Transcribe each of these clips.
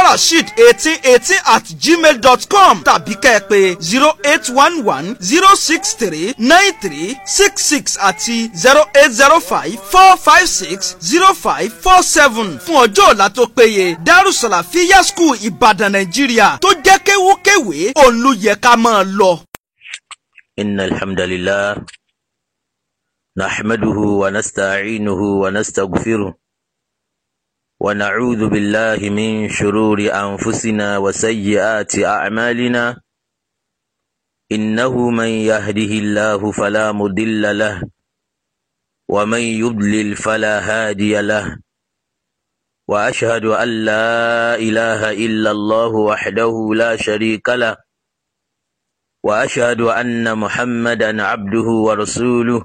farasheed eighteen eighteen at gmail dot com tàbí kẹ́ẹ̀pè zero eight one one zero six three nine three six six àti zero eight zero five four five six zero five four seven fún ọjọ́ ọ̀la tó péye darussalafiya school ìbàdàn nàìjíríà tó jẹ́ kéwúkéwé òun ló yẹ ká máa lọ. إن الحمد wa نحمده ونستعينه ونستغفره ونعوذ بالله من شرور أنفسنا وسيئات أعمالنا إنه من يهده الله فلا مضل له ومن يضلل فلا هادي له وأشهد أن لا إله إلا الله وحده لا شريك له وأشهد أن محمدا عبده ورسوله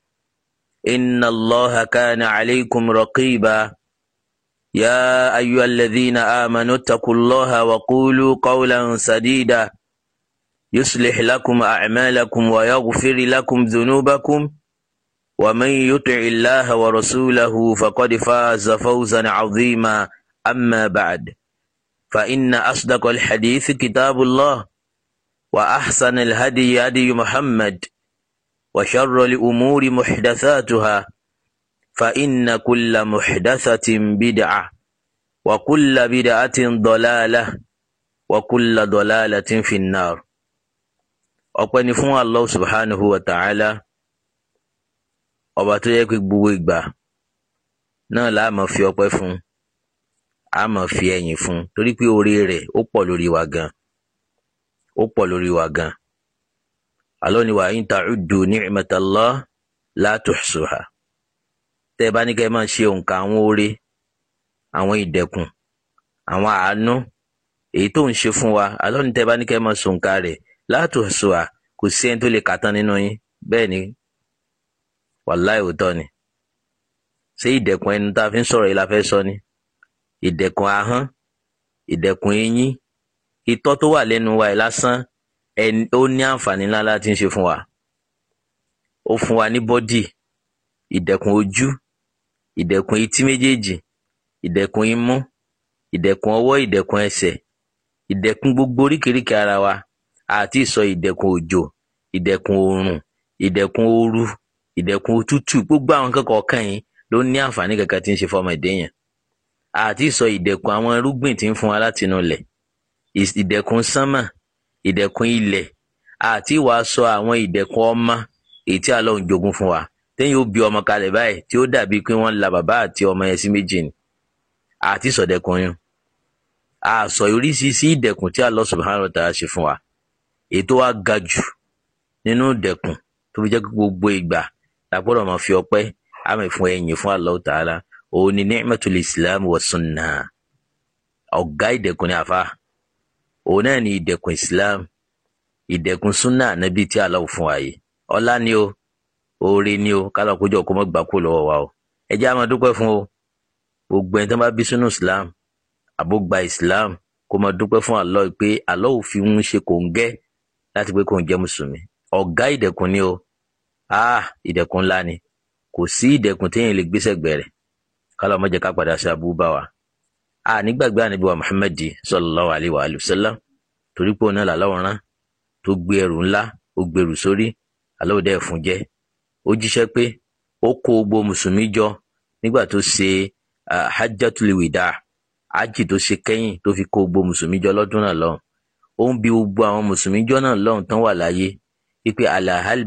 إن الله كان عليكم رقيبا يا أيها الذين آمنوا اتقوا الله وقولوا قولا سديدا يصلح لكم أعمالكم ويغفر لكم ذنوبكم ومن يطع الله ورسوله فقد فاز فوزا عظيما أما بعد فإن أصدق الحديث كتاب الله وأحسن الهدي هدي محمد وشر الأمور محدثاتها فإن كل محدثة بدعة وكل بدعة ضلالة وكل ضلالة في النار ọpẹ́ ni fún Allah subhanahu wa ta'ala ọba tó yẹ pé gbogbo ìgbà náà la máa fi ọpẹ́ fún a máa fi ẹ̀yìn fún torí pé oore rẹ̀ ó pọ̀ lórí wa gan ó pọ̀ lórí wa gan alọ́ni wa in ta'uddu ni'matallahi la tuhsuha tẹ́ ẹ bá ní kẹ́ ẹ máa ṣe òǹkà àwọn oore àwọn ìdẹ̀kùn àwọn àánú èyí tó ń ṣe fún wa alọ́ni tẹ́ ẹ bá ní kẹ́ ẹ máa ṣòǹkà rẹ̀ la tuhsuha kò sí ẹni tó lè kà nínú yín bẹ́ẹ̀ ni wàláì òótọ́ ni ṣé ìdẹ̀kùn ẹnu tá a fi ń sọ̀rọ̀ yìí la fẹ́ sọ ni ìdẹ̀kùn ahọ́n ìdẹ̀kùn eyín itọ́ tó wà lẹ́nu wa yìí lásán ó ní àǹfààní ńlá láti ń ṣe fún wa ó fún wa ní bọ́dì ìdẹ̀kùn ojú ìdẹ̀kùn etí méjèèjì ìdẹ̀kùn imú ìdẹ̀kùn ọwọ́ ìdẹ̀kùn ẹsẹ̀ ìdẹ̀kùn gbogbo oríkèéríkèé ara wa àti ìsọ ìdẹ̀kùn òjò ìdẹ̀kùn oòrùn ìdẹ̀kùn ooru ìdẹ̀kùn òtútù gbogbo àwọn kẹ́kọ̀ọ́ kan yìí ló ní àǹfààní kankan tí ń ṣe fọmọ ìdẹ́yìn àti ìsọ ìdẹ̀kùn àwọn irúgbìn tí ń fún wa látinú ilẹ̀ ìdẹ̀kùn sánmà ìdẹ̀kùn ilẹ̀ àti ìwà sọ àwọn ìdẹ̀kùn ọmọ èyí tí Allah ń jogún fún wa tẹ́yìn ó bí ọmọ kalẹ̀ báyìí tí ó dàbí pé wọ́n la bàbá àti ọmọ yẹn sí méjì ni àti sọ̀dẹ̀kùn yẹn àsọ oríṣiríṣi ìdẹ̀kùn tí Allah subhanahu wa ta'ala ṣe fún wa èyí tó wá ga jù nínú ìdẹ̀kùn tó fi jẹ́ pé gbogbo ìgbà la gbọ́dọ̀ máa fi ọpẹ́ àmì fún ẹ̀yìn fún Allah ta'ala òun ni ni'matul islam wa sunnah ọ̀gá ìdẹ̀kùn ni àfa òun náà ni ìdẹ̀kùn islam ìdẹ̀kùn súnà ànábì tí Allah fún wa yìí ọlá ni o oore ni o kálọ̀ kójọ kó mọ́ gbà lọ́wọ́ wa o ẹ jẹ́ á dúpẹ́ fún o gbogbo ẹni tó bá bí sínú islam àbó gba islam kó máa dúpẹ́ fún Allah pé Allah fi ń ṣe kò ń gẹ́ láti pé kò ń jẹ́ mùsùlùmí ọ̀gá ìdẹ̀kùn ni o ah ìdẹ̀kùn ńlá ni kò sí ìdẹ̀kùn téèyàn lè gbéṣẹ́ gbẹ̀rẹ̀ kálọ̀ mọ́jẹ́ ká padà sí abúbá wa a nígbàgbé ànábì wa Muhammad sallallahu alayhi wa sallam torí pé òun náà làlọ́wọ́rán tó gbé ẹrù ńlá ó gbèrú sórí aláwòdẹ́ ẹ̀fún jẹ́ ó jíṣẹ́ pé ó kó gbogbo mùsùlùmí jọ nígbà tó ṣe hajjatuliwida ájì tó ṣe kẹ́yìn tó fi kó gbogbo mùsùlùmí jọ lọ́dún náà lọ́hùn ó ń bi gbogbo àwọn mùsùlùmí jọ náà lọ́hùn tán wà láyé wípé alahal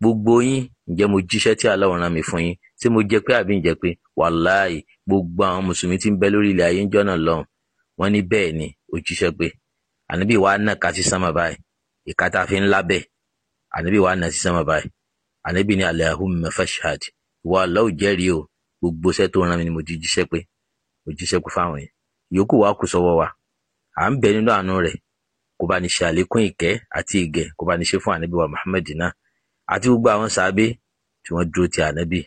gbogbo yín ǹjẹ́ mo jíṣẹ́ tí aláwòrán mi fún yín tí mo jẹ́ pé àbí ǹjẹ́ pé wàláì gbogbo àwọn mùsùlùmí tí ń bẹ lórí ilẹ̀ ayé ń jọ́nà lọ́hùn wọ́n ní bẹ́ẹ̀ ni òjíṣẹ́ pé ànábì wa nà ká sí sánmà báyìí ìka tá a fi ń lábẹ́ ànábì wa nà sí sánmà báyìí ànábì ní Allahumma fashhad ìwọ Allahu jẹ́rìí o gbogbo iṣẹ́ tó rán mi ni mo jíṣẹ́ pé mo jíṣẹ́ pé fáwọn yẹn ìyókù wa kù sọ́wọ́ wa à ń bẹ nínú àánú rẹ̀ kó bá ní ṣe àlékún ìkẹ́ àti ìgẹ̀ kó bá ní ṣe fún ànábì wa Muhammad náà àti gbogbo àwọn sàábé tí wọ́n dúró ti ànábì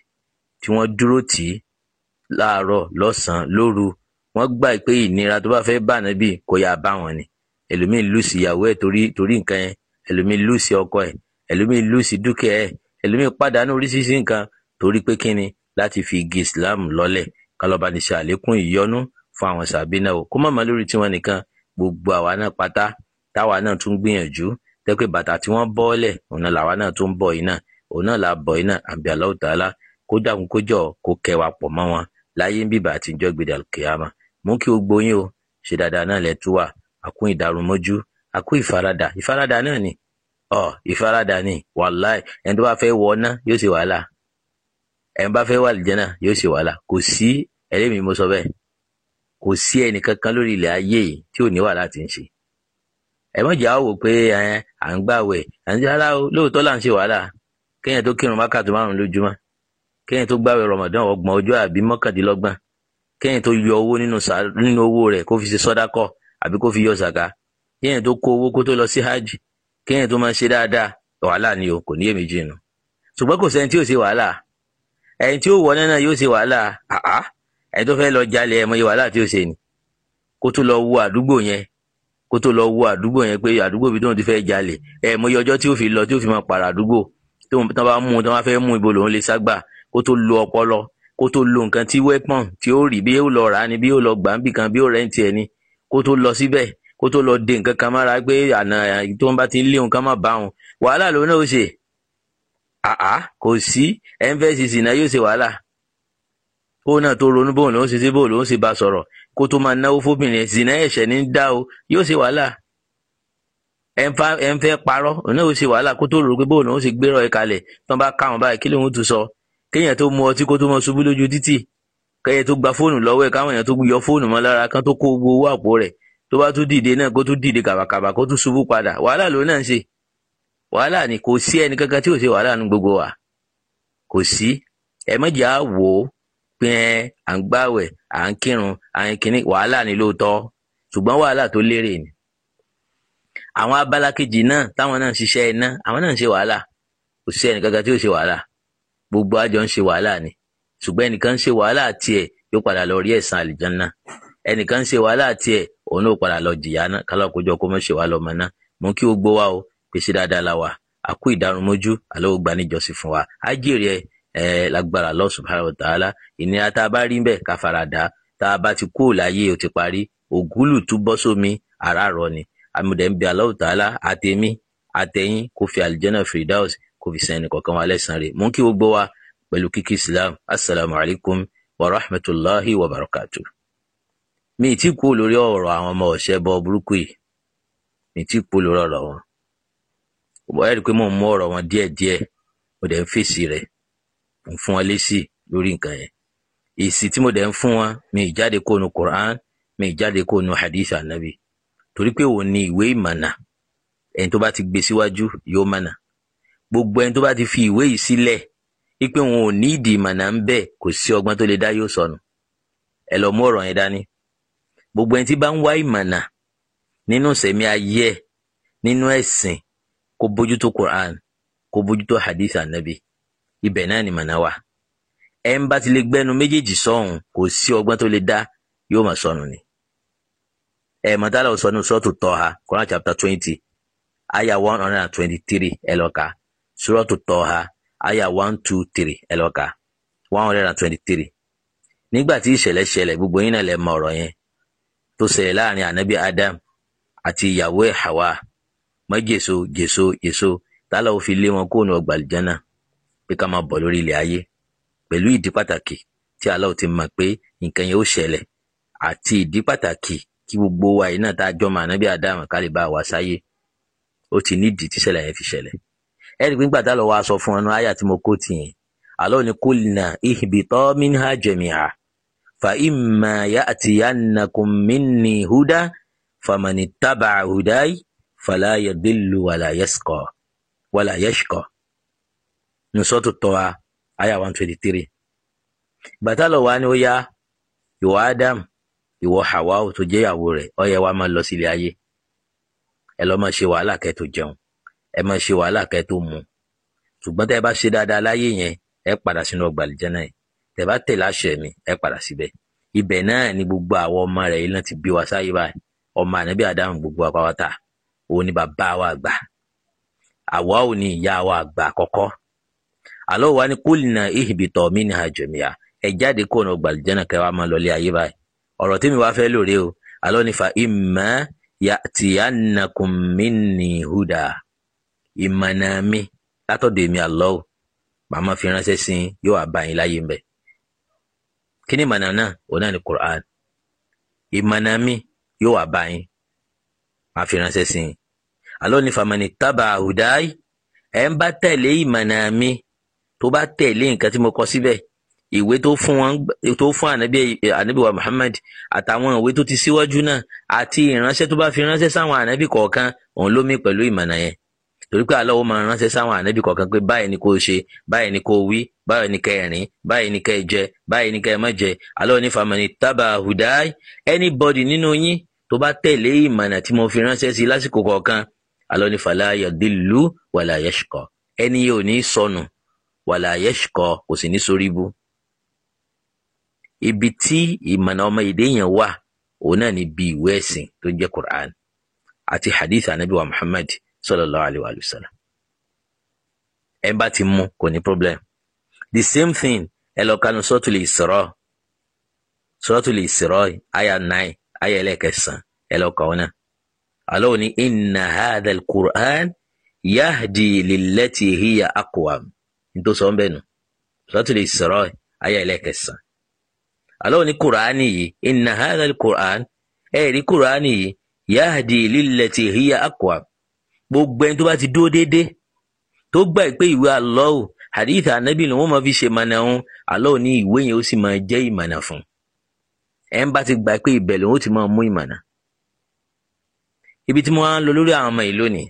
tí wọ́n dúró tì í láàárọ̀ lọ́sànán lóru wọ́n gbà pé ìnira tó bá fẹ́ẹ́ bà nábì kó yáa bá wọn ni ẹlòmíín lùsì ìyàwó ẹ̀ torí torí nǹkan yẹn ẹlòmíín lùsì ọkọ ẹ̀ ẹlòmíín lùsì dúkìá ẹ̀ ẹlòmíín pàdánù oríṣiríṣi nǹkan torí pé kíni láti fi igi islam lọ́lẹ̀ kálọ́ba ní ṣe àlékún ìyọnú fún àwọn sàbí náà o kó má má lórí tiwọn nìkan gbogbo àwa náà pátá táwa náà tún gbìyànjú tẹ́pẹ́ bàtà tí wọ́n bọ́ọ̀lẹ̀ òun náà làwa náà tún bọ̀ yìí náà òun náà là bọ̀ yìí náà àbí Allah Ta'ala kó dàkún kó jọ kó kẹwàá pọ̀ mọ́ wọn láyé ń bìbà àti níjọ́ gbèdà kìámà mò ń kí gbogbo yín o ṣe dáadáa náà lẹ tún wà àkún ìdàrúmọ́jú àkún ìfaradà ìfaradà náà ni ọ ìfaradà ni wàláì ẹni tó bá fẹ́ wọ ná yóò ṣe wàhálà ẹni bá fẹ́ wà lìjẹ́ náà yóò ṣe wàhálà kò sí ẹlẹ́mìí mo sọ bẹ́ẹ̀ kò sí ẹnì kankan lórí ilẹ̀ ayé yìí tí ò ní wàhálà ti ń ṣe ẹ mọ̀ jà wò pé à ń gbàwẹ̀ à ń jẹ́ lóòótọ́ là ń ṣe wàhálà kéèyàn tó kírun wákàtí márùn-ún lójúmọ́ kẹ́yìn tó gbàwé Ramadan ọgbọ̀n ọjọ́ àbí mọ́kàndínlọ́gbọ̀n kẹ́yìn tó yọ owó nínú owó rẹ̀ kó fi ṣe sọ́dákọ̀ àbí kó fi yọ zàká kẹ́yìn tó kó owó kó tó lọ sí hajj kẹ́yìn tó máa ṣe dáadáa wàhálà ni o kò ní èmi jìnnà ṣùgbọ́n kò sẹ́ni tí ò ṣe wàhálà ẹni tí ó wọ náà yóò ṣe wàhálà àá ẹni tó fẹ́ lọ jalè ẹ̀ mọye wàhálà tí ó ṣe ni kó tó lọ wo àdúgbò yẹn kó tó lọ wo àdúgbò yẹn pé àdúgbò bí tóun ti fẹ́ jalè ẹ̀ mọye ọjọ́ tí ó fi lọ tí ó fi máa pààrà àdúgbò tó bá mú un tó bá fẹ́ mú ibo lòun lè sá kó tó lo ọpọlọ kó tó lo nǹkan tí weapon tí ó rí bí ó lọ rà á ni bí ó lọ gbà ń bì kan bí ó rẹ̀ ń tiẹ̀ ni kó tó lọ síbẹ̀ kó tó lọ de nǹkan kan mára pé àná tó ń bá ti ń lé nǹkan má bá wọn wàhálà ló náà ó ṣe àá kò sí emphasis náà yóò ṣe wàhálà ó náà tó ronú bóun ló ń ṣe sí bóun ló ń ṣe bá sọ̀rọ̀ kó tó máa náwó fóbìnrin zina ẹ̀ṣẹ̀ ní dá o yóò ṣe wàhálà ẹ ń fẹ́ parọ́ òun náà ó ṣe wàhálà kó tó rò pé bóun ló ń ṣe gbérò ẹ̀ kalẹ̀ tó ń bá káwọn báyìí kí lóun tún sọ kéèyàn tó mu ọtí kó tó mọ ṣubú lójú títì kẹyẹ tó gba fóònù lọ́wọ́ ẹ̀ káwọn èèyàn tó yọ fóònù mọ́ lára kan tó kó gbogbo owó àpò rẹ̀ tó bá tún dìde náà kó tún dìde kàbàkàbà kó tún ṣubú padà wàhálà ló náà ń ṣe wàhálà ni kò sí ẹni kankan tí ò ṣe wàhálà nu gbogbo wa kò sí ẹ mọ̀jẹ̀ á wò ó pé à ń gbàwẹ̀ à ń kírun à ń kíní wàhálà ni lóòótọ́ ṣùgbọ́n wàhálà tó lérè ni àwọn abala kejì náà táwọn náà ń ṣiṣẹ́ iná àwọn náà ń ṣe wàhálà kò sí ẹni kankan tí ò ṣe wàhálà gbogbo wa ń ṣe wàhálà ni ṣùgbọ́n ẹnìkan ń ṣe wàhálà tiẹ̀ yóò padà lọ rí ẹ̀san àlìjánná ẹnìkan ń ṣe wàhálà tiẹ̀ òun náà padà lọ jìyà náà kálọ̀kójọ kó mọ̀ ṣe wàhálà ọmọ náà mo kí gbogbo wa o pèsè dáadáa la wa àkú ìdánumójú àlọ́ ògbà níjọsìn fún wa ájèrè ẹ lágbára Allah subhanahu wa ta'ala ìnira tá a bá rí bẹ́ẹ̀ ká faradà tá a kó fi san ẹnìkọ̀ọ̀kan wa lẹ́sàn-án rẹ̀ mò ń kí gbogbo wa pẹ̀lú kíkí islam assalamu alaikum wa rahmatulahi wa barakatu. mi ì tí kú lórí ọ̀rọ̀ àwọn ọmọ ọ̀ṣẹ́ bọ burúkú yìí mi ì tí kú lórí ọ̀rọ̀ wọn. ọ̀bọ̀ ẹ̀rí pé mò ń mú ọ̀rọ̀ wọn díẹ̀díẹ̀ mo dẹ̀ ń fèsì rẹ̀ mo ń fún wọn lésì lórí nǹkan yẹn. èsì tí mo dẹ̀ ń fún wọn mi ì kó nu Qur'an mi ì kó nu hadith anabi torí pé òun ni ìwé ìmọ̀nà ẹni tó bá ti gbé síwájú yóò mọ̀nà gbogbo ẹni tó bá ti fi ìwé yìí sílẹ̀ wípé wọn ò ní ìdí ìmọ̀nà ń bẹ̀ kò sí ọgbọ́n tó lè dá yóò sọnù ẹ lọ mú ọ̀rọ̀ yẹn dání gbogbo ẹni tí bá ń wá ìmọ̀nà nínú ìsẹ̀mí ayé nínú ẹ̀sìn kó bójútó Quran kó bójútó hadith anabi ibẹ̀ náà ni mọ̀nà wà ẹ ń bá ti lè gbẹ́nu méjèèjì sọ̀hún kò sí ọgbọ́n tó lè dá yóò máa sọnù ni ẹ mọ̀tálà ò sọ́ọ̀tù tọ́ ha Quran chapter twenty ayah one hundred and twenty-three ẹ lọ suratu tọ́ha aya one two three ẹ one hundred and twenty three nígbà tí ìṣẹ̀lẹ̀ ṣẹlẹ̀ gbogbo yín náà lè mọ ọ̀rọ̀ yẹn tó ṣẹlẹ̀ láàrin ànábì Adam àti ìyàwó ẹ̀ Hawa mọ́ jèso jèso jèso tálà ó fi lé wọn kúrò ní ọgbà àlùjánà pé ká máa bọ̀ lórí ilẹ̀ ayé pẹ̀lú ìdí pàtàkì tí Allah ti mọ̀ pé nǹkan yẹn ó ṣẹlẹ̀ àti ìdí pàtàkì kí gbogbo wa yìí náà tá a jọ mọ̀ ànábì Adam ká lè bá wa sáyé ó ti nídìí tíṣẹ̀lẹ̀ yẹn fi ṣẹlẹ̀ ẹ̀rí pé nígbà tá lọ́wọ́ aṣọ fún ọ̀nà àyà tí mo kó tì yẹn àlọ́ ni kulna ihbita minha jami'a fa imma ya'tiyannakum minni huda famani taba'a hudai fala yadillu wala yasqa wala yashqa nusọ́tò tọ́wa àyà one twenty three bàtà lọ́wọ́ ni ó yá ìwọ Adam ìwọ Hawa tó jẹ́ rẹ̀ ó yẹ máa lọ sílé ayé ẹ lọ́ máa ṣe wàhálà kẹ́ tó jẹun ẹ máa ṣe wàhálà kẹ́ tó mu ṣùgbọ́n tẹ́ ẹ bá ṣe dáadáa láyé yẹn ẹ padà sínú ọgbà àlìjánà yìí tẹ́ bá tẹ̀lé àṣẹ mi ẹ padà síbẹ̀ ibẹ̀ náà ni gbogbo àwọn ọmọ rẹ̀ yìí náà ti bí wa sáyé báyìí ọmọ ànábì àdáhùn gbogbo àpáwátà òun ni bàbá wa àgbà àwa ò ní ìyá wa àgbà àkọ́kọ́ àlọ́ wa ni kúlìnà ìhìbìtọ̀ mi ní àjọmíà ẹ jáde kó ọ̀nà ọgbà àlìjánà kẹ́ wa máa lọlé ayé báyìí ọ̀rọ̀ tí mi wá fẹ́ lóore o àlọ́ nífa ìmọ̀ yàtìyànnàkùnmínìhùdà ìmọ̀nà mi látọ̀dọ̀ èmi Allah màá máa fi ránṣẹ́ sí yóò wá bá yín láyé mbẹ́. bẹ. kí ni ìmọ̀nà náà òun náà ni Qur'an ìmọ̀nà mi yóò wá bá yín màá fi ránṣẹ́ sí i. Allah ní famani tábà àhùdáì ẹ̀ ń bá tẹ̀lé ìmọ̀nà tó bá tẹ̀lé nǹkan tí mo kọ síbẹ̀ ìwé tó fún wọn tó ànábì ànábì wa Muhammad àtàwọn ìwé tó ti síwájú náà àti ìránṣẹ́ tó bá fi ránṣẹ́ sáwọn ànábì kọ̀ọ̀kan òun ló mí pẹ̀lú ìmọ̀nà yẹn torí pé Allah máa ránṣẹ́ sáwọn ànábì kọ̀ọ̀kan pé báyìí ni kò ṣe báyìí ni kò wí báyìí ni kẹ́ ẹ rìn báyìí ni kẹ́ ẹ jẹ báyìí ni kẹ́ ẹ má jẹ Allah ní famani tábà hùdáì anybody nínú yín tó bá tẹ̀lé ìmọ̀nà tí mo fi ránṣẹ́ sí lásìkò kọ̀ọ̀kan Allah ní fàlà yadillu wàlà yashqa ẹni yìí ní sọnù wàlà yashqa kò sì ní soríbu ibi tí ìmọ̀nà ọmọ èdè yẹn wà òun náà ni bí ìwé ẹ̀sìn tó jẹ́ Qur'an àti hadith anabi wa Muhammad sallallahu alayhi wa sallam ẹ bá ti mú kò ní problem the same thing ẹ lọ kanu suratul Isra suratul Isra àyà nine àyà ẹlẹ́kẹsàn ẹ lọ kàn ọ́nà Allah ní inna hadha al-Qur'an yahdi lillati hiya aqwam nítorí sọ ń bẹ̀ nù suratul Isra àyà ẹlẹ́kẹsàn Allah ní kùránì yìí inna hadha al-Qur'an ẹ̀rí kùránì yìí yahdi lillati hiya aqwam gbogbo ẹni tó bá ti dúró déédéé tó gbà pé ìwé àlọ́ọ̀ àdìtà ànábì ni wọ́n máa fi ṣe mànà òun àlọ́ọ̀ ní ìwé yẹn ó sì máa jẹ́ ìmànà fún ẹ̀ ń bá ti gbà pé ìbẹ̀ ó ti máa mú ìmànà. ibi tí mo wá lọ lórí àwọn ọmọ yìí lónìí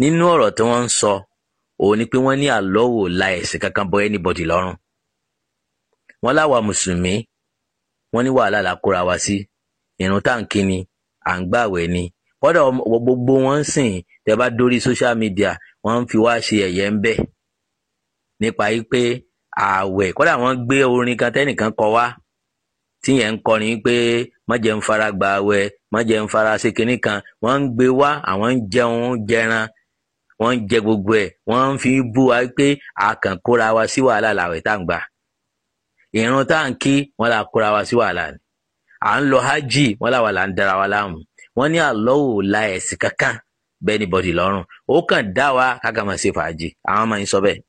nínú ọ̀rọ̀ tí wọ́n ń sọ òun ni pé wọ́n ní àlọ́wò la ẹ̀sìn kankan bọ anybody lọ́rùn wọ́n láwa mùsùlùmí wọ́n ní wàhálà la wa sí ìrun tá ni à ń gbààwẹ̀ ni kọ́dà gbogbo wọn ń sìn tẹ́ bá dórí social media wọ́n ń fi wá ṣe ẹ̀yẹ ń bẹ̀ nípa yìí pé ààwẹ̀ kọ́dà wọ́n gbé orin kan tẹ́nìkan kọ wá tíyẹn ń kọrin pé mọ̀jẹ̀ ń fara gba ààwẹ̀ mọ̀jẹ̀ ń fara ṣe kinní kan wọ́n ń gbé wá àwọn ń jẹun jẹran wọ́n ń jẹ gbogbo ẹ̀ wọ́n ń fi bú wa pé a kàn kóra wa sí wàhálà làwẹ̀ tá à gbà ìrun tá à là kóra wa sí wàhálà à ń lọ hajj wọ́n làwọn là ń dara wa láàmú wọ́n ní àlọ́ ò la ẹ̀sìn kankan bẹ́ẹ̀ ni bọ́dì lọ́rùn ó kàn dá wa káka máa ṣe fàájì àwọn máa ń sọ bẹ́ẹ̀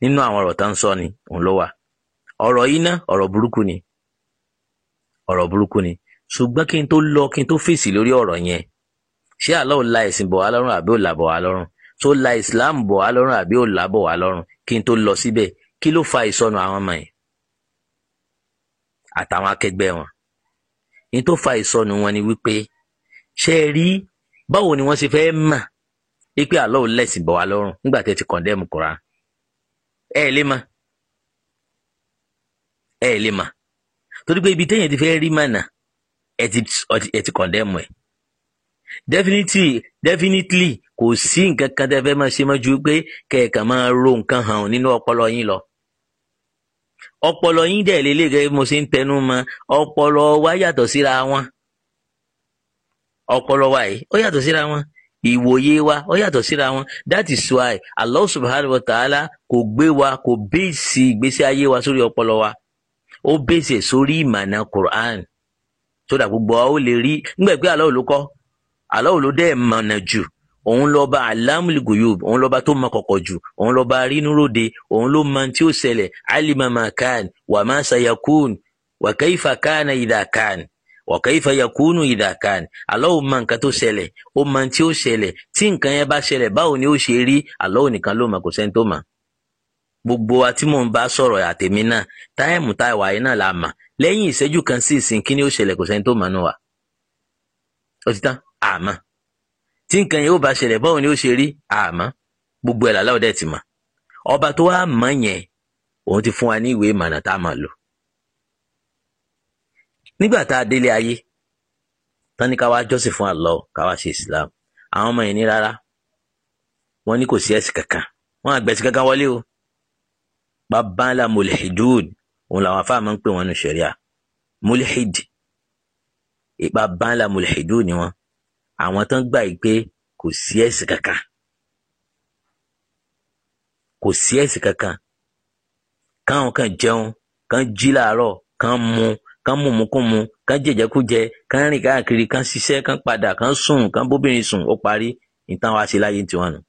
nínú àwọn ọ̀rọ̀ tó ń sọ ni òun ló wà ọ̀rọ̀ yìí ná ọ̀rọ̀ burúkú ni ọ̀rọ̀ burúkú ni ṣùgbọ́n kí n tó lọ kí n tó fèsì lórí ọ̀rọ̀ yẹn ṣé àlọ́ ò la ẹ̀sìn bọ̀ wá lọ́rùn àbí ò là bọ̀ wá lọ́rùn tó la Islam bọ̀ wá lọ́rùn àbí ò là bọ̀ wá lọ́rùn kí n tó lọ síbẹ̀ kí ló fa ìsọnù àwọn ọmọ yẹn àtàwọn akẹgbẹ́ wọn ní tó fa ìsọnù wọn ni wípé ṣé ẹ rí báwo ni wọ́n ṣe fẹ́ mà wípé àlọ́ ò bọ̀ wá lọ́rùn nígbà ti kọ̀ndẹ́mù kura ẹ lè mà ẹ lè mà torí pé ibi téèyàn ti fẹ́ rí mànà ẹ ti ẹ ti kọ̀ndẹ́mù definitely definitely kò sí nǹkan kan fẹ́ máa ṣe mọ́ ro nǹkan hàn nínú ọpọlọ yín lọ. ọpọlọ yín dẹ̀ lélẹ̀ gẹ́gẹ́ bí mo ṣe ń tẹnu mọ́ ọpọlọ wa yàtọ̀ síra wọn ọpọlọ wa yìí ó yàtọ̀ síra wọn ìwòye wa ó yàtọ̀ síra wọn that is why Allah subhanahu wa ta'ala kò gbé wa kò bẹ́ẹ̀sì ìgbésí ayé wa sórí ọpọlọ wa ó bẹ́ẹ̀sì ẹ̀ sórí ìmọ̀nà Quran tó gbogbo wa ó lè rí nígbà pé Allah ló kọ́ Allah ló dẹ̀ mọ̀nà jù òun lọba alamul guyub òun lọba tó mọ kọ̀kọ̀ jù òun lọba rínúròde òun ló mọ tí ó ṣẹlẹ̀ alima makan wàmá sayakun wàkẹ́yìfà kan ìdá kan ọ̀kẹ́yìfà yakunu ìdàkan Allahu mọ nǹkan tó ṣẹlẹ̀ ó mọ tí ó ṣẹlẹ̀ tí nǹkan yẹn bá ṣẹlẹ̀ báwo ni ó ṣe rí Allahu nìkan ló mọ̀ kò sẹ́ni tó mọ̀. gbogbo wa tí mò ń bá sọ̀rọ̀ àtẹ̀mí náà táìmù tá ìwà yẹn náà la mà lẹ́yìn ìṣẹ́jú kan sí ìsìn kí ni ó ṣẹlẹ̀ kò sẹ́ni tó mọ̀ nù wa. ó ti tán àmọ́ tí nǹkan yẹn ó bá ṣẹlẹ̀ báwo ni ó ṣe rí àmọ́ gbogbo ẹ̀ làláwọ̀ dẹ̀ ti mọ̀ ọba tó wá mọ̀ yẹn òun ti fún wa ní ìwé ìmọ̀nà tá a máa lò. nígbà tá a délé ayé tán ní ká wá jọ́sìn fún Allah ká wá ṣe Islam àwọn ọmọ yẹn ní rárá wọ́n ní kò sí ẹ̀sìn kankan wọ́n àgbẹ̀sì kankan wọlé o bàbá mulhidud òun làwọn afáà máa ń pè wọn nù ṣẹ̀ríà mulhid bàbá mulhidud ni wọ́n àwọn tán gbà yìí pé kò sí ẹ̀sìn kankan kò sí ẹ̀sìn kankan káwọn kan jẹun kan jí làárọ̀ kan mu kan mumukumu kan jẹjẹkújẹ kan rìn káàkiri kan ṣiṣẹ́ kan padà kan sùn kan bóbìnrin sùn ó parí ìtàn wa ṣe láyé tiwọn nù.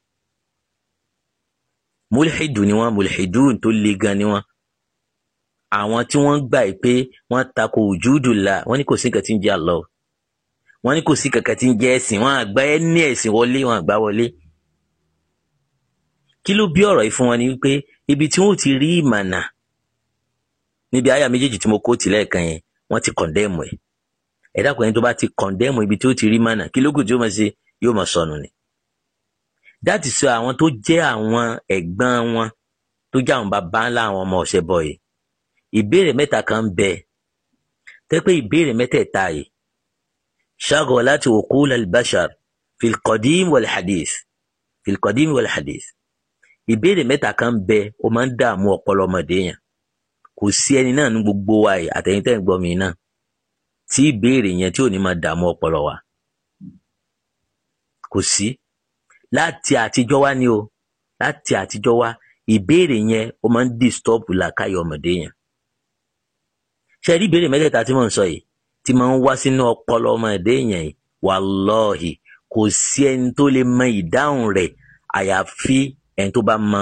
múlẹ̀hìdù ni wọ́n múlẹ̀hìdù tó le gan ni wọ́n àwọn tí wọ́n gbà pé wọ́n tako wùjúdù la wọ́n kò sí nǹkan tí ń jẹ́ Allah wọ́n ní kò sí kankan tí ń jẹ́ ẹ̀sìn wọ́n àgbá ẹ̀ ní ẹ̀sìn wọlé wọ́n àgbá wọlé. kí ló bí ọ̀rọ̀ yìí fún wọn ni wípé ibi tí wọ́n ti rí ìmànà níbi àyà méjèèjì tí mo kó tì lẹ́ẹ̀kan yẹn wọ́n ti kọ̀ndẹ́ẹ̀mù ẹ̀ ẹ dákun ẹni tó bá ti kọ̀ndẹ́ẹ̀mù ibi tí ó ti rí ìmànà kí lókù tí ó máa ṣe yóò máa sọnù ni. dáàtì sọ àwọn tó jẹ́ àwọn ẹ̀gbọ́n wọn tó jẹ́ àwọn bàbá ńlá àwọn ọmọ ọ̀sẹ̀ bọ̀ ìbéèrè mẹ́ta kan ń bẹ tẹ́ ìbéèrè mẹ́tẹ̀ẹ̀ta yìí شغلت عقول البشر في القديم والحديث في القديم والحديث ìbéèrè mẹ́ta kan bẹ ó máa ń dààmú ọpọlọ ọmọdé yẹn kò sí ẹni náà ní gbogbo wa yìí àtẹ̀yìn tẹ̀ ń gbọ́ mi náà tí ìbéèrè yẹn tí ò ní máa dààmú ọpọlọ wa kò sí láti àtijọ́ wá ni o láti àtijọ́ wá ìbéèrè yẹn ó máa ń disturb làkàyè ọmọdé yẹn ṣe rí ìbéèrè mẹ́tẹ̀ẹ̀ta tí mò ń sọ yìí tí máa ń wá sínú ọpọlọ ọmọ ẹ̀dá èèyàn yìí wàlọ́ọ̀hì kò sí ẹni tó lè mọ ìdáhùn rẹ̀ àyàfi ẹni tó bá mọ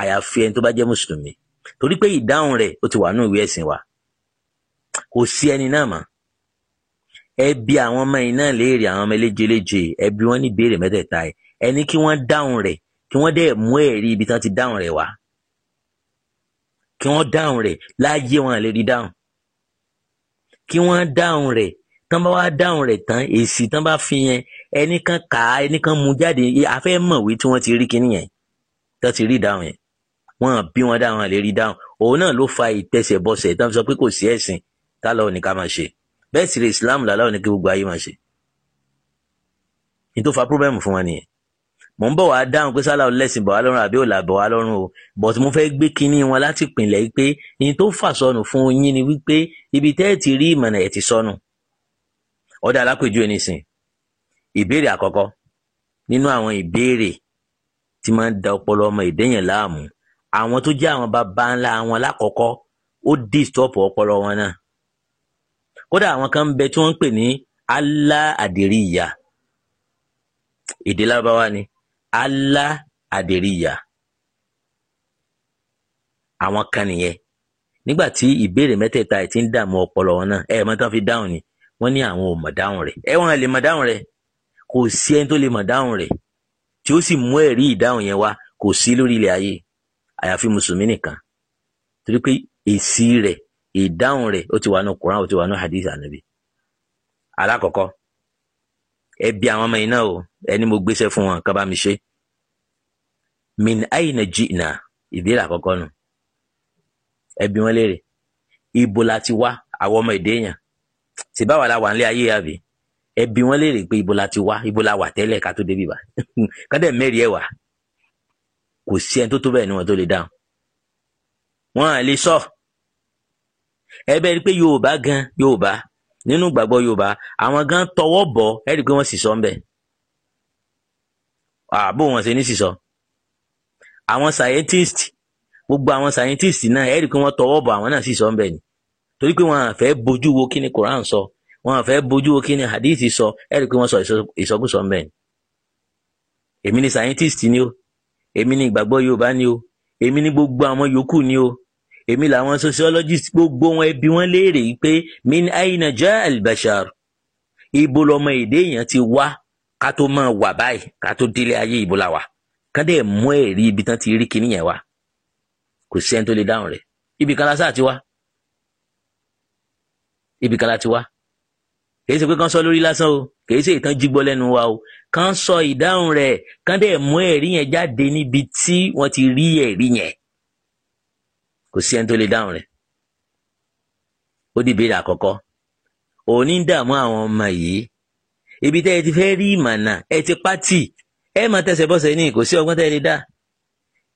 àyàfi ẹni tó bá jẹ́ mùsùlùmí torí pé ìdáhùn rẹ̀ ó ti wà nínú ìwé ẹ̀sìn wa kò sí ẹni náà mọ́ ẹ bi àwọn ọmọ yìí náà léèrè àwọn ọmọ eléjeleje ẹ bi wọ́n ní ìbéèrè mẹ́tẹ̀ẹ̀ta ẹ ẹni kí wọ́n dáhùn rẹ̀ kí wọ́n dẹ̀ mú ẹ̀rí ibi tán ti dáhùn rẹ̀ wá kí wọ́n dáhùn rẹ̀ láàyè wọn lè rí dáhùn kí wọ́n dáhùn rẹ̀ tán bá wá dáhùn rẹ̀ tán èsì tán bá fi yẹn ẹnìkan kà á ẹnìkan mú jáde afẹ́ mọ̀wé tí wọ́n ti rí kíní yẹn tán ti rí dáhùn yẹn wọ́n bí wọ́n dáhùn àlè rí dáhùn òun náà ló fa ìtẹsẹ̀bọsẹ̀ tán fi sọ pé kò sí ẹ̀sìn tálọ́ òní ká máa ṣe bẹ́ẹ̀ sì rẹ̀ Islam làlá òní kí gbogbo ayé máa ṣe ní tó fa pírọ́bẹ̀mù fún wọn nìyẹn mò ń bọ̀ wá dáhùn pé sálà ọlẹ́sìn bọ̀ wá lọ́rùn àbí òlà bọ̀ wá lọ́rùn o but mo fẹ́ gbé kinní wọn láti pìnlẹ̀ pé ní tó fà sọnù fún yín ni wípé ibi tẹ́ ẹ̀ ti rí ìmọ̀nà ẹ̀ ti sọnù ọ̀dà alápèjúwe nìsín ìbéèrè àkọ́kọ́ nínú àwọn ìbéèrè tí máa ń da ọpọlọ ọmọ ìdẹ́yìn láàmú àwọn tó jẹ́ àwọn bàbá ńlá wọn lákọ̀ọ́kọ́ ó dìstọ́pù ọpọlọ wọn náà kódà àwọn kan bẹ tí wọ́n ń pè ní aláàdìrí ìyá èdè lárúbáwá ni Allah Aderiya àwọn kan nìyẹn nígbà tí ìbéèrè mẹ́tẹ̀ẹ̀ta ẹ̀ ti ń dààmú ọpọlọ wọn náà ẹ̀ mọ́ tán fi dáhùn ni wọ́n ní àwọn ò mọ̀ dáhùn rẹ̀ ẹ̀ wọ́n lè mọ̀ dáhùn rẹ̀ kò sí ẹni tó lè mọ̀ dáhùn rẹ̀ tí ó sì mú ẹ̀rí ìdáhùn yẹn wá kò sí lórí ilẹ̀ ayé àyàfi mùsùlùmí nìkan torí pé èsì rẹ̀ ìdáhùn rẹ̀ ó ti wà ní Kùránì ó ti wà ní hadith ànábì alákọ̀ọ́kọ́ ẹ bi àwọn ọmọ yìí náà o ẹni mo gbéṣẹ́ fún wọn kọ́ bá mi ṣe min aina jina ìbéèrè àkọ́kọ́ nù ẹ wọn léèrè ibo la ti wá àwọn ọmọ èdè èèyàn ṣe báwa la wà nílé ayé àbí ẹ bi wọn léèrè pé ibo la ti wá ibo la wà tẹ́lẹ̀ ká tó débi bá kọ́dẹ̀ mẹ́rin ẹ̀ wá kò sí ẹni tó tó bẹ́ẹ̀ ni wọn tó lè dáhùn wọn à lè sọ ẹ bẹ́ẹ̀ ni pé Yorùbá gan Yorùbá nínú ìgbàgbọ́ yorùbá àwọn gan tọwọ́ bọ̀ ẹ́ rí i pé wọ́n sì sọ ń bẹ̀ àbò wọn ṣe ní sísọ àwọn scientist gbogbo àwọn scientist náà ẹ́ rí i pé wọ́n tọwọ́ bọ̀ àwọn náà sì sọ ń bẹ̀ ni torí pé wọn à fẹ́ bójú wo kí ni Quran sọ wọn à fẹ́ bójú wo kí ni hadith sọ ẹ́ rí i pé wọ́n sọ ìsọkúsọ ń bẹ̀ ni èmi ni scientist ni o èmi ni ìgbàgbọ́ yorùbá ni o èmi ni gbogbo àwọn yòókù ni o èmi làwọn sociologist gbogbo wọn ẹbí wọn léèrè yìí pé min aina ja albashar ibo lọmọ èdè èèyàn ti wá ká tó máa wà báyìí ká tó délé ayé ibo la wà kán dẹ̀ mú ẹ̀rí ibi tán ti rí kinní yẹn wá kò sí ẹni tó lè dáhùn rẹ̀ ibi kan lásà ti wá ibi kan láti wá kì í ṣe pé kán sọ lórí lásán o kì í ṣe ìtàn jígbọ́ lẹ́nu wa o kán sọ ìdáhùn rẹ̀ kán dẹ̀ mú ẹ̀rí yẹn jáde níbi tí wọ́n ti rí ẹ̀rí yẹn kò sí ẹni tó lè dáhùn rẹ̀ ó di ìbéèrè àkọ́kọ́ òní ń dààmú àwọn ọmọ yìí ibi tẹ́ ẹ ti fẹ́ rí ìmọ̀nà ẹ ti pátì ẹ máa tẹsẹ̀ bọ́sẹ̀ ní kò sí ọgbọ́n tẹ́ ẹ lè dá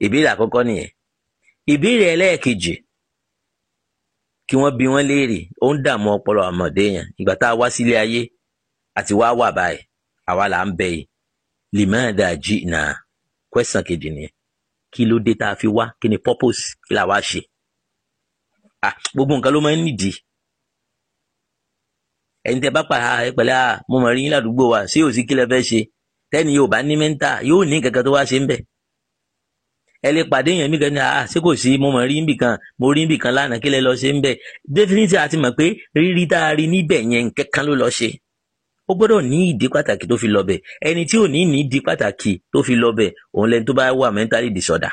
ìbéèrè àkọ́kọ́ nìyẹn ìbéèrè ẹlẹ́ẹ̀kejì kí wọ́n bi wọ́n léèrè ó ń dààmú ọpọlọ àmọ̀dé yẹn ìgbà tá a wá sílé ayé àti wá wà báyìí àwa là ń bẹ yìí lè má dàá jí ìnà kejì nìyẹn kí ló dé tá a fi wá kí ni purpose kí la wá ṣe gbogbo nǹkan ló máa ń nídìí ẹni tẹ bá pa pẹ̀lẹ́ à mo mọ̀ rí yín ládùúgbò wa sí òsì kí lẹ fẹ́ ṣe tẹ́ni yóò bá ní mẹ́ńtà yóò ní kankan tó wá ṣe ń bẹ̀ ẹ lè pàdé èèyàn mi kẹ́ni à ṣé kò sí mo mọ̀ rí nbìkan mo rí nbìkan lánàá kí lẹ lọ ṣe ń bẹ̀ definitely àti mọ̀ pé rírí tá a rí níbẹ̀ yẹn kankan ló lọ ṣe ó gbọ́dọ̀ ní ìdí pàtàkì tó fi lọ bẹ̀ ẹni tí ò ní ní ìdí pàtàkì tó fi lọ bẹ̀ òun lẹni tó bá wà mentally disorder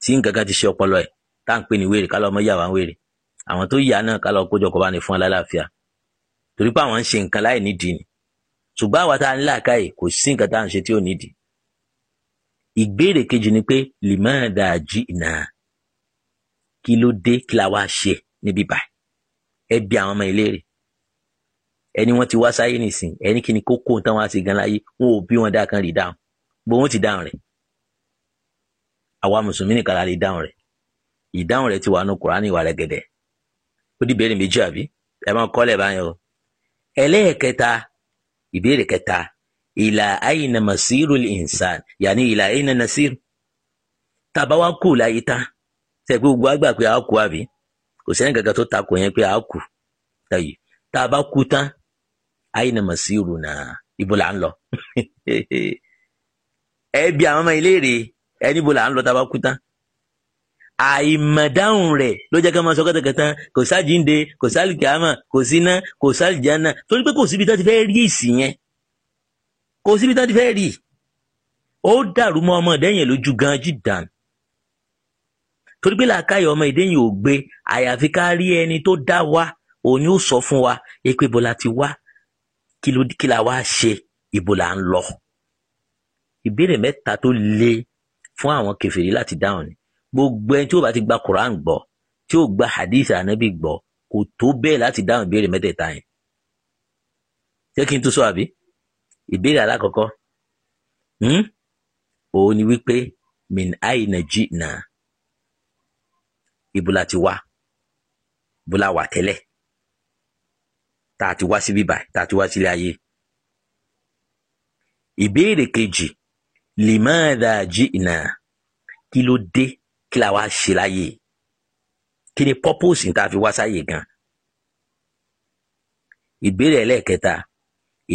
tí nǹkan kan ti ṣe ọpọlọ ẹ̀ tá à ń pè ní wèrè kálọ̀ ọmọ yà wá ń wèrè àwọn tó yà náà kálọ̀ kójọ kó bá ní fún alálàáfíà torí pé àwọn ń ṣe nǹkan láì nídìí ni ṣùgbọ́n àwa tá à ń làákàyè kò sí nǹkan tá à ń ṣe tí ò nídìí ìgbéèrè kejì ni pé lèmọ́ọ̀dà jí kí ló dé kí la wá ṣe níbí báyìí ẹ bí àwọn ọmọ ìlérè ẹni wọ́n ti wá sáyé nìsín ẹni kí ni kókó tán wá sí gan láyé wọn ò bí wọn dá kan rí dáhùn bó wọn ti dáhùn rẹ̀ àwa mùsùlùmí nìkan la lè dáhùn rẹ̀ ìdáhùn rẹ̀ ti wà nù kúránì ìwà rẹ̀ gẹ̀dẹ̀ ó di ìbéèrè méjì àbí ẹ máa kọ́lẹ̀ báyọ̀ ẹlẹ́ẹ̀kẹta ìbéèrè kẹta ìlà àyìnà màsírù ìǹsàn yàní ìlà àyìnà nàsírù tàbá wa kù láyé tán ṣe gbogbo àgbà pé a kù àbí kò sẹ́ni gàgà tó takò yẹn pé a kù tàbá kú tán Aina masiru na ibola là ń lọ ẹ bi àwọn ọmọ iléèrè ẹ níbo là ń lọ tá a bá kú tán àìmọ̀dáhùn rẹ̀ ló jẹ́ ká máa sọ kẹ́tẹ̀kẹ́tẹ́ kò sáàjínde kò sálìkàmà kò síná kò sálìjánà torí pé kò síbi tá ti fẹ́ rí èsì yẹn kò síbi tá ti fẹ́ rí ó dàrú mọ́ ọmọ ìdẹ́yìn lójú gan jìdán torí pé làákàyè ọmọ ìdẹ́yìn ò gbé àyàfi ká rí ẹni tó dá wa òun yóò sọ fún wa èpè bọ́lá ti wá kí ló kí la wá ṣe ibo là ń lọ ìbéèrè mẹ́ta tó le fún àwọn kèfèrí láti dáhùn ni gbogbo ẹni tí ó bá ti gba Quran gbọ́ tí ó gba hadith anabi gbọ́ kò tó bẹ́ẹ̀ láti dáhùn ìbéèrè mẹ́tẹ̀ẹ̀ta yẹn ṣé kí n tún sọ àbí ìbéèrè alákọ̀ọ́kọ́ hmm? òun ni wípé min aina jina ibo la ti wá ibo la tẹ́lẹ̀ tá a ti wá sí bíbà tá a ti wá sílé ayé. ìbéèrè kejì limadha ji'na kí ló dé kí la wá ṣe láyé kí ni purpose tá a fi wá sáyé gan. ìbéèrè ẹlẹ́ẹ̀kẹta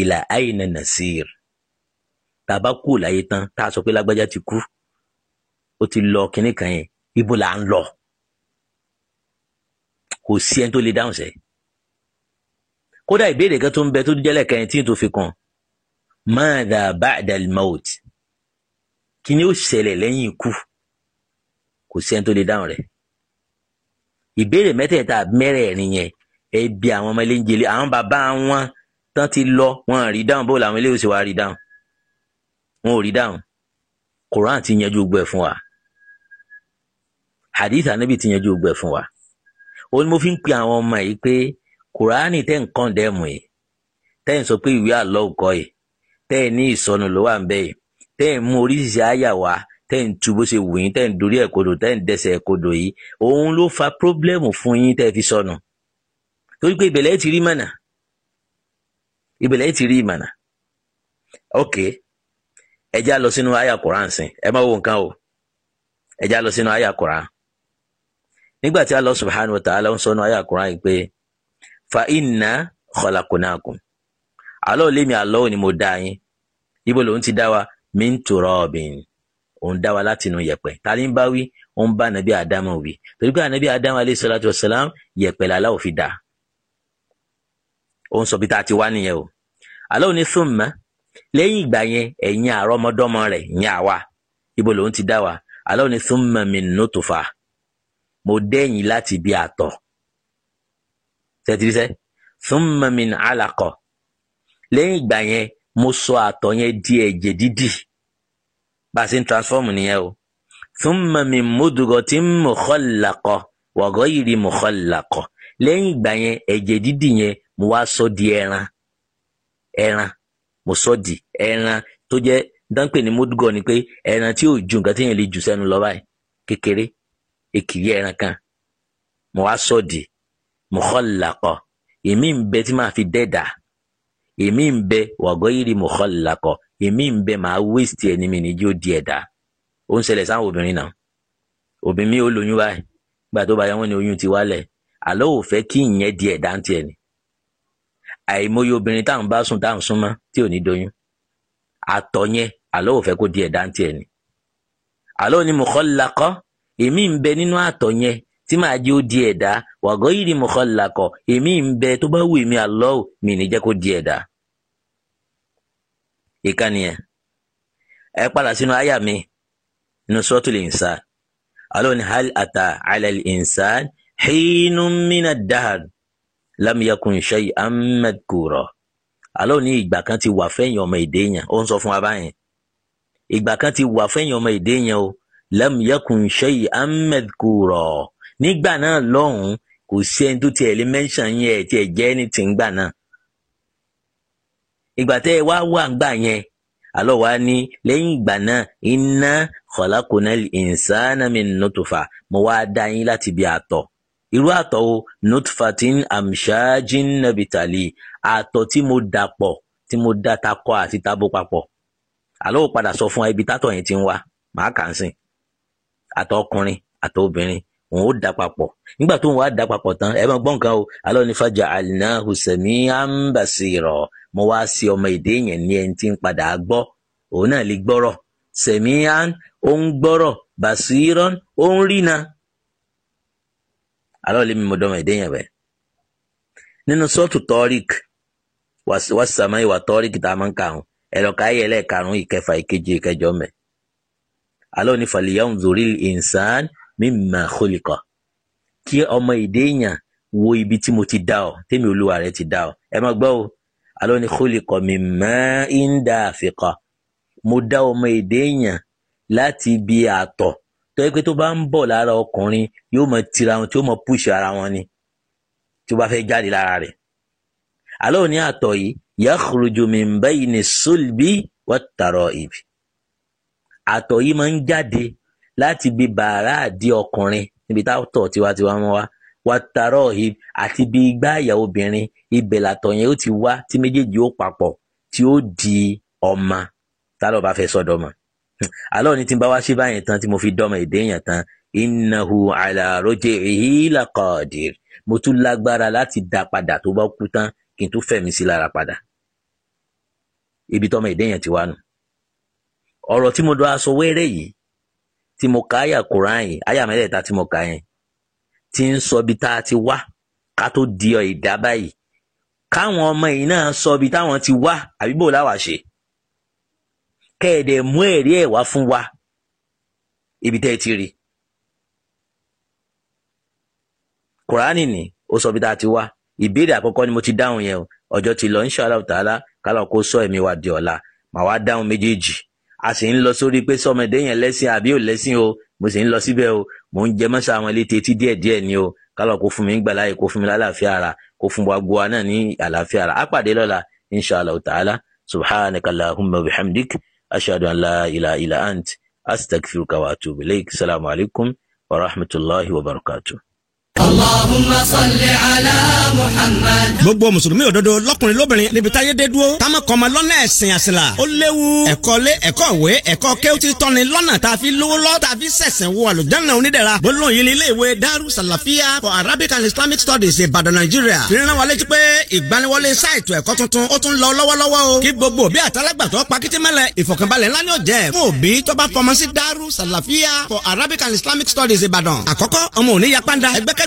ìlà àyìnà nasir tá a bá kú láyé tán tá a sọ pé lágbájá ti kú ó ti lọ kinní kan yẹn ibo là ń lọ kò sí ẹni tó lè dáhùn sẹ́yìn kódà ìbéèrè kan tó ń bẹ tó jẹ́lẹ̀ kẹrin tí n tó fi kàn maada ba'dal maut kí ni ó ṣẹlẹ̀ lẹ́yìn ikú kò sẹ́ni tó lè dáhùn rẹ̀ ìbéèrè mẹ́tẹ̀ẹ̀ta mẹ́rẹ̀ẹ̀rin yẹn ẹ bi àwọn ọmọ eléńjẹlé àwọn bàbá wọn tán ti lọ wọn rí dáhùn bó làwọn eléyìí sì wá rí dáhùn wọn ò rí dáhùn Quran ti yanjú gbẹ fún wa hadith anabi ti yanjú gbẹ fún wa ó ní mo fi ń pe àwọn ọmọ yìí pé kùránì tẹ́ ń kàn yìí tẹ́ ń sọ pé ìwé àlọ́ òkọ́ yìí tẹ́ ẹ̀ ní ìsọnù ló wà ń yìí tẹ́ ẹ̀ mú oríṣiríṣi àyà wá tẹ́ ń tu wù yín tẹ́ ń dorí tẹ́ ń dẹsẹ̀ yìí òun ló fa pírọ́blẹ́mù fún yín tẹ́ fi sọnù torí pé ìbẹ̀lẹ̀ ti rí mànà? ìbẹ̀lẹ̀ ti rí mànà? ok ẹ já lọ sínú àyà koran sìn ẹ má wo fa inna khalaqnakum àlọ́ lèmi àlọ́ òní mo dá yín ibo lòun ti dá wa min turabin òun dá wa láti inú yẹ̀pẹ̀ ta ni ń bá wí ó ń bá nàbí àdámà wí torí pé ànàbí àdámà alayhi salatu wassalam yẹ̀pẹ̀ làlá ò fi dá ó ń sọ bí tá a ti wá nìyẹn o àlọ́ òní thumma lẹ́yìn ìgbà yẹn ẹ̀yin àrọ́mọdọ́mọ rẹ̀ yẹn àwa ibo lòun ti dá wa àlọ́ òní thumma min nutfa mo dẹ́yìn láti bí àtọ̀ tẹ̀tìrìsẹ́ thumma min alaqa lẹ́yìn ìgbà yẹn mo sọ àtọ̀ yẹn di ẹ̀jẹ̀ dídì bá a ṣe ń transform nìyẹn o thumma min mudghatin mukhallaqa wa ghayri mukhallaqa lẹ́yìn ìgbà yẹn ẹ̀jẹ̀ dídì yẹn mo wá sọ di ẹran ẹran mo sọ di ẹran tó jẹ́ dánpẹ̀ ní mudgọ ni pé ẹran tí ò ju nǹkan tí yẹn lè jù sẹ́nu lọ báyìí kékeré èkìrí ẹran kan mo wá sọ di mukhallaqa èmi ń bẹ tí màá fi dẹ́dà èmi ń bẹ wàgọ́ yìí rí mukhallaqa èmi ń bẹ màá wéṣìtì ẹni mi níjó di ẹ̀dá ó ń ṣẹlẹ̀ sáwọn obìnrin náà obìnrin mi ò lóyún báyìí gbà tó bá yẹ wọ́n ní oyún ti wálẹ̀ àlọ́ ò fẹ́ kí ìyẹn di ẹ̀dá ń tiẹ̀ ni àìmọye obìnrin táwọn bá sùn táwọn súnmọ́ tí ò ní doyún àtọ̀ yẹn àlọ́ ò fẹ́ kó di ẹ̀dá ń tiẹ̀ ni àlọ́ ni mukhallaqa èmi ń bẹ nínú àtọ̀ yẹn tí màá jẹ́ ó di ẹ̀dá wàgọ́ yìí ni mo kọ́ làkọ̀ èmi ń bẹ tó bá wù mí àlọ́ ò mi ní jẹ́ kó di ẹ̀dá. ìkànnì ẹ̀ ẹ padà sínú àyà mi nínú suratul insan alo ni hal ata ala al insan hinun mina dahar lam yakun shay'an madkura alo ni ìgbà kan ti wà fẹ́yìn ọmọ èdè yẹn ó ń sọ fún wa báyìí ìgbà kan ti wà fẹ́yìn ọmọ èdè yẹn o lam yakun shay'an madkura nígbà náà lọ́hùn-ún kò sí ẹni tó tiẹ̀ lè mention yẹn ẹ̀ tiẹ̀ jẹ́ ẹni tí ń gbà náà ìgbà tẹ́ ẹ wá wà ń gbà yẹn àlọ́ wa ní lẹ́yìn ìgbà náà inna khalaqnal insana min mo wá dá yín láti bí àtọ̀ irú àtọ̀ o nutfatin amshajin nabitali àtọ̀ tí mo dà pọ̀ tí mo dá takọ àti tabo papọ̀ àlọ́ ò padà sọ fún ẹ tátọ̀ yẹn ti ń wá màá kà ń sìn àtọ̀ ọkùnrin àtọ̀ obìnrin òun ó dà papọ̀ nígbà tó òun á dà papọ̀ tán ẹ máa gbọ́ nǹkan o alọ́ ní fàjà alinahu mo wá sí ọmọ èdè yẹn ní ẹni tí ń padà gbọ́ òun náà lè gbọ́rọ̀ sami'an ó ń gbọ́rọ̀ basiran ó ń rìnà alọ́ mo dọ́mọ èdè yẹn bẹ́ẹ̀. nínú sọ́ọ̀tù tá a máa ń mímà kólíkà kí ọmọ èdè èèyàn wo ibi tí mo ti dá ọ tèmi olúwa rẹ ti dá ọ ẹ má gbọ́ o alọ́ ni kólíkà mímà ń dá àfikọ́ mo dá ọmọ èdè èèyàn láti ibi àtọ̀ tó yẹ pé tó bá ń bọ̀ lára ọkùnrin yóò mọ tira wọn tí ó mọ púṣì ara wọn ni tí ó bá fẹ́ jáde lára rẹ̀ alọ́ ni àtọ̀ yìí yakhruju min bayni sulbi wat tara'ib àtọ̀ yìí máa ń jáde láti bi bàárà di ọkùnrin níbi táwọtọ tiwantiwa mọ wa wàtàrọ àti bí igbá àyà obìnrin ibẹ̀ yẹn ó ti wá tí méjèèjì ó papọ̀ tí ó di ọmọ tálọ bá fẹ́ sọ́dọ̀ mọ alọ ni tí n bá wá ṣe báyìí tán tí mo fi dọmọ èdè yẹn tán innahu ala roj'ihi laqadir mo tún lágbára láti dá padà tó bá kú tán kí n tún fẹ̀mí sí lára padà ibi tọmọ èdè yẹn ti wá nù ọ̀rọ̀ tí mo dọ aṣọ wẹ́rẹ́ yìí tí mo ka àyà Quran yìí àyà mẹ́tẹ̀ẹ̀ta tí mo kà yẹn ti ń sọ ibi tá a ti wá ká tó di ọ ìdá báyìí káwọn ọmọ yìí náà sọ ibi táwọn ti wá àbí láwà ṣe kẹ́ẹ̀dẹ̀ mú ẹ̀rí ẹ̀ wá fún wa ibi tẹ́ ẹ ti rí Quran ni ó sọ ibi tá a ti wá ìbéèrè àkọ́kọ́ ni mo ti dáhùn yẹn o ọjọ́ ti lọ insha Allah ta'ala kálọ̀ kó sọ ẹ̀mí wa di ọ̀la màá wá dáhùn méjèèjì a sì ń lọ sórí pé sọmọdé yẹn lẹ́sìn àbí ò lẹ́sìn o mo sì ń lọ síbẹ̀ o mò ń jẹ mọ́ṣá àwọn eléte etí díẹ̀díẹ̀ ni o kálọ̀ kó fún mi ń gbà láàyè kó fún mi lálàáfíà ara kó fún gbogbo wa náà ní àlàáfíà ara á pàdé lọ́la inshàlá ta'ala subhanaka bihamdik ashhadu an la ilaha ant astaghfiruka wa atubu ilayk assalamu alaikum wa rahmatullahi wa barakatuh. Allahumma salli ala Muhammad. gbogbo mùsùlùmí òdodo lọkùnrin lóbìnrin níbi táyé dé dúró táwọn kan máa lọ́nà ẹ̀sìn àṣìlá ó léwu ẹ̀kọ́ lé ẹ̀kọ́ ìwé ẹ̀kọ́ kéwútì tọ́ni lọ́nà tá a fi lówó lọ́ tá a fi sẹ̀sẹ̀ wọ àlùjáná onídẹ̀ra gbólóhùn yìí ní ilé ìwé Daru Salafia for Arabic and Islamic Studies Ìbàdàn Nàìjíríà fi rán wa létí pé ìgbaniwọlé sáìtù ẹ̀kọ́ tuntun ó tún lọ lọ́wọ́lọ́wọ́ o kí gbogbo òbí àtàlágbàtọ́ pakitimẹ́lẹ̀ ìfọ̀kànbalẹ̀ ńlá ni ó jẹ́ fún òbí tó bá fọmọ for Arabic and Islamic Studies Ìbàdàn àkọ́kọ́ ọmọ òní yapanda ẹgbẹ́kẹ́